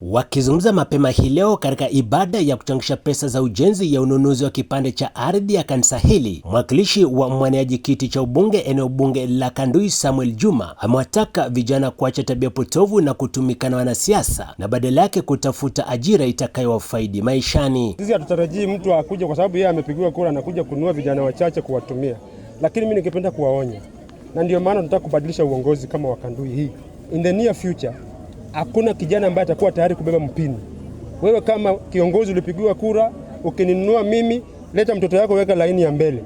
Wakizungumza mapema hii leo katika ibada ya kuchangisha pesa za ujenzi ya ununuzi wa kipande cha ardhi ya kanisa hili, mwakilishi wa mwaniaji kiti cha ubunge eneo bunge la Kandui Samuel Juma amewataka vijana kuacha tabia potovu na kutumikana wanasiasa na badala yake kutafuta ajira itakayowafaidi maishani. Sisi hatutarajii mtu akuja kwa sababu yeye amepigiwa kura na kuja kununua vijana wachache kuwatumia, lakini mimi ningependa kuwaonya, na ndio maana tunataka kubadilisha uongozi kama wa Kandui hii in the near future hakuna kijana ambaye atakuwa tayari kubeba mpini. Wewe kama kiongozi ulipigiwa kura, ukininunua mimi, leta mtoto yako, weka laini ya mbele,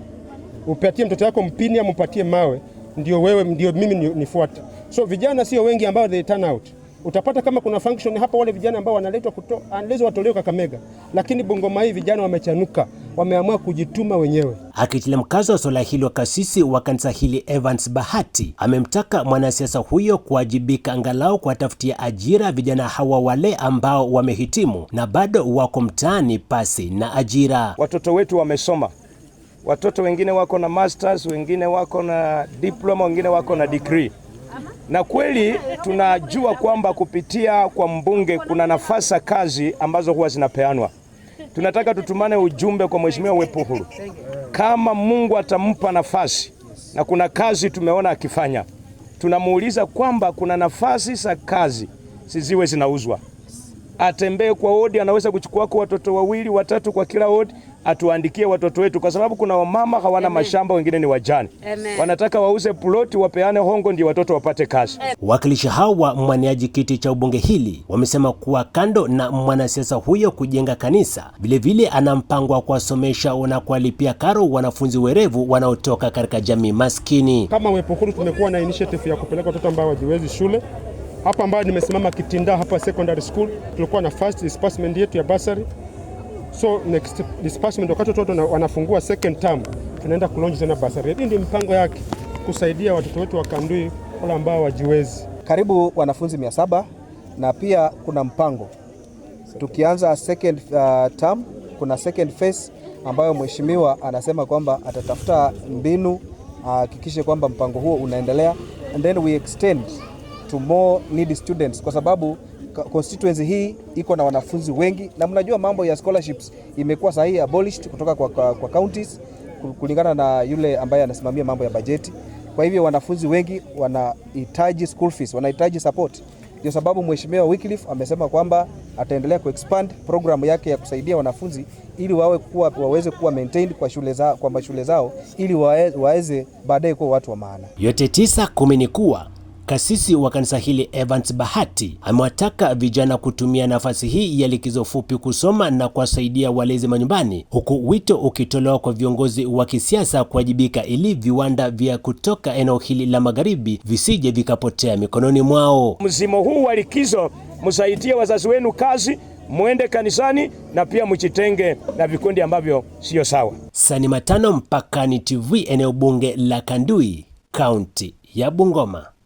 upatie mtoto yako mpini, upatie mawe, ndio wewe, ndio mimi nifuate. So vijana sio wengi ambao they turn out utapata kama kuna function hapa, wale vijana ambao wanaletwa kutoa watolewe Kakamega, lakini Bungoma hii vijana wamechanuka, wameamua kujituma wenyewe. Akitilia mkazo wa swala hilo, kasisi wa kanisa hili Evans Bahati amemtaka mwanasiasa huyo kuwajibika angalau kuwatafutia ajira vijana hawa wale ambao wamehitimu na bado wako mtaani pasi na ajira. Watoto wetu wamesoma, watoto wengine wako na masters, wengine wako na diploma, wengine wako na degree na kweli tunajua kwamba kupitia kwa mbunge kuna nafasa kazi ambazo huwa zinapeanwa. Tunataka tutumane ujumbe kwa Mheshimiwa Wepuhuru, kama Mungu atampa nafasi, na kuna kazi tumeona akifanya, tunamuuliza kwamba kuna nafasi za kazi siziwe zinauzwa, atembee kwa wodi, anaweza kuchukua watoto wawili watatu kwa kila wodi atuandikie watoto wetu, kwa sababu kuna wamama hawana Amen. mashamba wengine ni wajane Amen. wanataka wauze ploti wapeane hongo ndio watoto wapate kazi. Wakilishi hawa mwaniaji kiti cha ubunge hili wamesema kuwa kando na mwanasiasa huyo kujenga kanisa, vilevile ana mpango wa kuwasomesha na kuwalipia karo wanafunzi werevu wanaotoka katika jamii maskini. Kama Wepukuru tumekuwa na initiative ya kupeleka watoto ambao wajiwezi shule hapa ambayo nimesimama Kitinda hapa secondary school, tulikuwa na first disbursement yetu ya basari So next disbursement, wakati watoto wanafungua second term, tunaenda kulonji tena basari. Hii ndio mpango yake kusaidia watoto wetu wa Kandui wale ambao wajiwezi, karibu wanafunzi mia saba na pia kuna mpango tukianza second uh, term, kuna second phase ambayo mheshimiwa anasema kwamba atatafuta mbinu ahakikishe uh, kwamba mpango huo unaendelea and then we extend to more needy students kwa sababu constituency hii iko na wanafunzi wengi, na mnajua mambo ya scholarships imekuwa sahihi abolished kutoka kwa, kwa, kwa counties kulingana na yule ambaye anasimamia mambo ya bajeti. Kwa hivyo wanafunzi wengi wanahitaji school fees, wanahitaji support. Ndio sababu Mheshimiwa Wycliffe amesema kwamba ataendelea kuexpand program yake ya kusaidia wanafunzi ili wawe kuwa, waweze kuwa maintained kwa shule zao, kwa mashule zao ili waweze baadaye kuwa watu wa maana. Yote tisa kumi ni kuwa Kasisi wa kanisa hili Evans Bahati amewataka vijana kutumia nafasi hii ya likizo fupi kusoma na kuwasaidia walezi manyumbani, huku wito ukitolewa kwa viongozi wa kisiasa kuwajibika ili viwanda vya kutoka eneo hili la magharibi visije vikapotea mikononi mwao. mzimo huu wa likizo msaidie wazazi wenu kazi, mwende kanisani na pia mjitenge na vikundi ambavyo siyo sawa. Sani Matano, Mpakani TV, eneo bunge la Kandui, kaunti ya Bungoma.